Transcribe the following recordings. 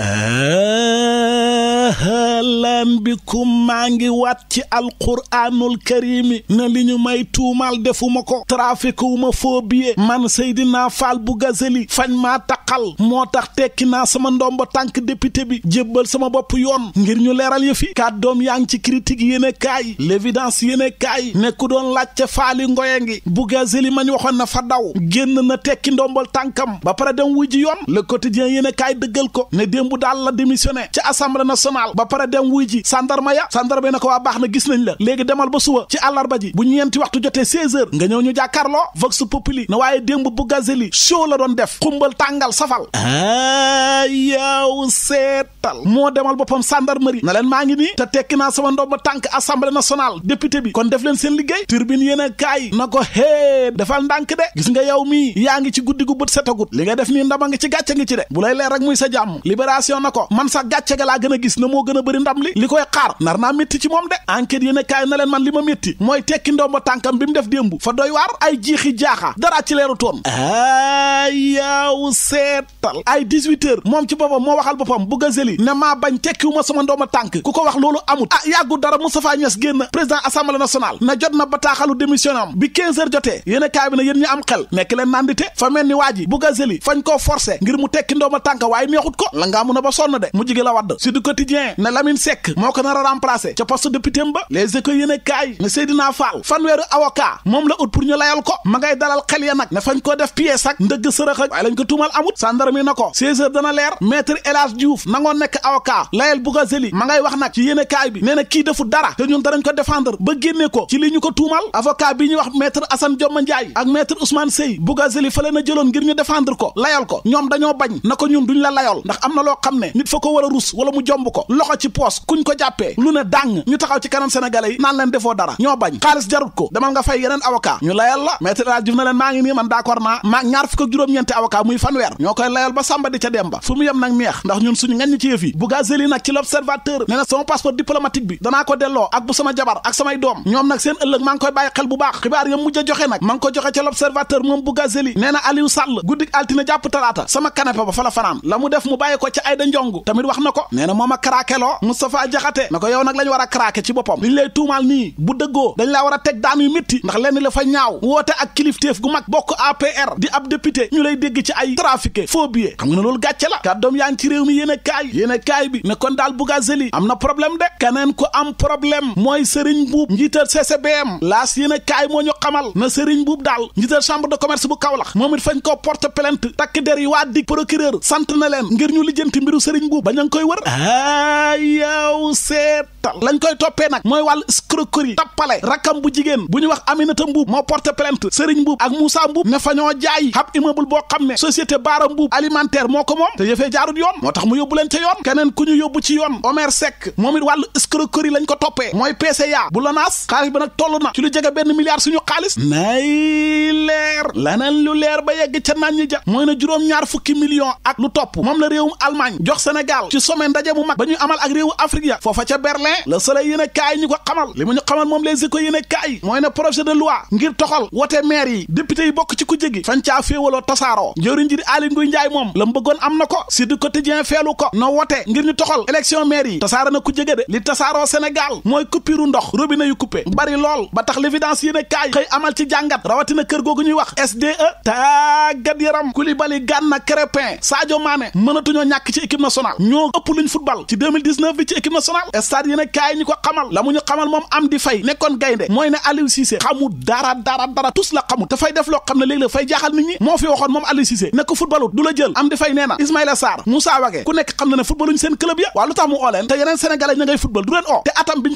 嗯 halaan bikum maa ngi waat ci alquraanul karimi na li ñu may tuumaal defuma ko trafic wu ma phobie man Seydina Fall Bougazelli fañ maa taqal moo tax tekki naa sama ndomba tànk député bi jébbal sama bopp yoon ngir ñu leeral yëf yi kàddoom yaa ngi ci critique yéene kaay l'évidence yéene kaay ne ku doon laajte faali ngoye ngi Bougazelli mañ waxoon na fa daw génn na tekki ndombal tànkam ba pare dem wuj ji yoon le quotidien yéene kaay dëggal ko ne démb daal la démissionné ci assemblée nationale gaaw ba pare dem wuy ji sandarma ya sandarma yi na ko waa baax na gis nañ la léegi demal ba suba ci àllarba ji bu ñeenti waxtu jotee 16 heures nga ñëw ñu jàkkaarloo vox populi na waaye démb bu gazeli show la doon def xumbal tàngal safal a yow seetal moo demal boppam sandarmeri na leen maa ngi nii te tekki naa sama ndomba tànk assemblée nationale député bi kon def leen seen liggéey turbine yéen a kaay na ko hee defal ndànk de gis nga yow mii yaa ngi ci guddi gu bët setagut li nga def nii ndama nga ci gàcce ngi ci de bu lay leer rek muy sa jàmm libération na man sa gàcce ga gën a gis moo gën a bëri ndam li li koy xaar nar naa métti ci moom de enquête yéen a kaay man li ma métti mooy tekki ndomba tànkam def démbu fa doy ay jiixi jaaxa dara ci leeru toon ah. yaaw seetal ay 18 heures moom ci boppam moo waxal boppam bu gazeli ne maa bañ tekkiwu ma tànk ku ko wax loolu amut ah yàggu dara Moustapha Niass génn président assemblée nationale na jot na bataaxalu démission am bi 15 heures jotee a kaay bi ne yéen ñu am xel nekk leen nandite fa mel ni waa ji fañ koo forcé ngir mu tekki ndooma waaye neexut ko la ngaa mun a ba sonn de mu jige la wadd si du quotidien ne Lamine Seck moo ko nar a remplacer a sërëx a waaye lañ ko tuumal amut sàndar mi na ko 16 heures dana leer maître El Hadj Diouf nangoon nekk avocat layel Bougazelli ma ngay wax nag ci yéene kaay bi nee kii defu dara te ñun danañ ko défendre ba génne ko ci li ko tuumal avocat bi ñuy wax maître Assane Dioma Ndiaye ak maître Ousmane Seye Bougazelli fa leen a jëloon ngir ñu défendre ko layal ko ñoom dañoo bañ na ko ñun duñ la layol ndax am na loo xam ne a ñu taxaw ci kanam sénégalais yi naan leen juróom-ñeenti avocat muy fanweer ñoo koy layal ba sàmba di ca dem ba fu mu yem nag neex ndax ñun suñu ngañ ci yëf yi Boughazelli nag ci l'observateur nee sama passeport diplomatique bi danaa ko delloo ak bu sama jabar ak samay doom ñoom nag seen ëllëg maa koy bàyyi xel bu baax xibaar ya mujj joxe nag ma ko joxe ca l'observateur moom Boughazelli nee na Aliou Sall guddik altine jàpp talaata sama canapé ba fa fanaan la def mu bàyyi ko ci Aïda Ndiongue tamit ñu lay dégg ci ay la kàddoom yaa ngi ci a na problème de keneen ko am problème mooy Serigne Mbuub njiital CCBM laas yéen a kaay moo ñu xamal na Serigne Mbuub daal njiital chambre de commerce bu Kaolack moom fañ koo porte plainte takk der yi waa dig procureur sant ngir ñu lijjanti mbiru Serigne Mbuub bañ a koy wër aa seet tal lañ koy toppee nag mooy wàll escroquerie tappale rakkam bu jigéen bu ñu wax Aminata Mbuub moo porté plainte Serigne Mbuub ak Moussa Mbuub ne fa jaay ab immeuble boo xam ne société Baara Mbuub alimentaire moo ko moom te yëfee jaarut yoon moo tax mu yóbbu leen ca yoon keneen ku ñu yóbbu ci yoon Omer Seck moom it wàllu escroquerie lañ ko toppee mooy PCA bu Lonaas xaalis ba nag toll na ci lu jege benn milliard suñu xaalis nay lee leer laneen lu leer ba yegg ca naan ñi ja mooy na juróom-ñaar fukki million ak lu topp moom la réewum Allemagne jox Sénégal ci sommet ndaje bu mag ba ñuy amal ak réewu Afrique ya foofa ca Berlin la Soleil yéen kaay ñi ko xamal li mu ñu xamal moom les éco yéen a kaay mooy na projet de loi ngir toxal wote maire yi yi bokk ci ku jegi fañ caa féewaloo tasaaroo njëriñ njiri Aly Ngouille Ndiaye moom la mu am na ko si du quotidien feelu ko na wote ngir ñu a wax SDE tàggat yaram Koulibaly Gana Crépin Sadio Mané mënatuñoo ñàkk ci équipe nationale ñoo ëpp luñ football ci 2019 bi ci équipe nationale stade yéen a ko xamal la mu ñu xamal moom am di fay nekkoon gaynde mooy ne Aliou Cissé xamu dara dara dara tous la xamu dafay def loo xam ne léeg-léeg fay jaaxal nit ñi moo fi waxoon moom Aliou Cissé ne ko du la jël am di fay nee na Ismaïla Sarr Moussa ku nekk xam na ne footballuñu seen club oo leen te oo te atam biñ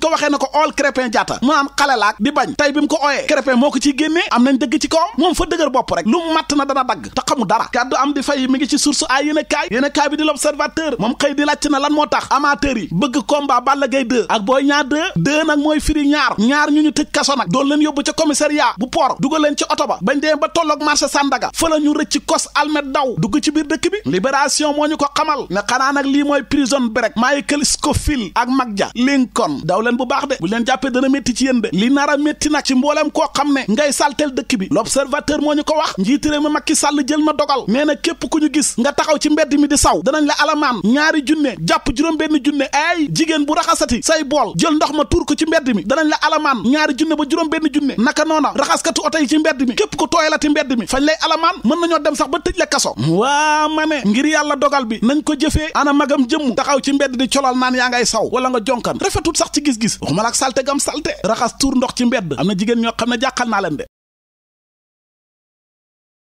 ko dafa dëgër bopp rek lu matt na dana dagg te xamu dara kàddu am di fay mi ngi ci source ay yéen a kaay a di l'observateur moom xëy di làcc na lan moo tax amateurs bëgg combat Balla Gaye 2 ak Boy Niang 2 2 nag mooy firi ñaar ñu ñu tëj kaso nag doon leen yóbbu ca commissariat bu port dugal leen ci oto ba bañ dee ba tolloog marché Sandaga fa ñu rëcc kos almet daw dugg ci biir dëkk bi libération moo ñu ko xamal ne xanaa lii mooy prison break Michael a métti moo ñu ko wax njiitu réew mi Macky Sall jël na dogal nee na képp ku ñu gis nga taxaw ci mbedd mi di saw danañ la alamaan ñaari junne jàpp juróom-benn junne ay jigéen bu raxasati say bool jël ndox ma tuur ko ci mbedd mi danañ la alamaan ñaari junne ba juróom-benn junne naka noona raxaskati oto yi ci mbedd mi képp ku tooyalati mbedd mi fañ lay alamaan mën nañoo dem sax ba tëj la kaso waa ma ne ngir yàlla dogal bi nañ ko jëfee ana magam jëmm taxaw ci mbedd di colal naan yaa ngay saw wala nga jonkan rafetul sax ci gis-gis waxuma la ak salte gam salte raxas tuur ndox ci mbedd am na jigéen ñoo xam ne jàqal naa leen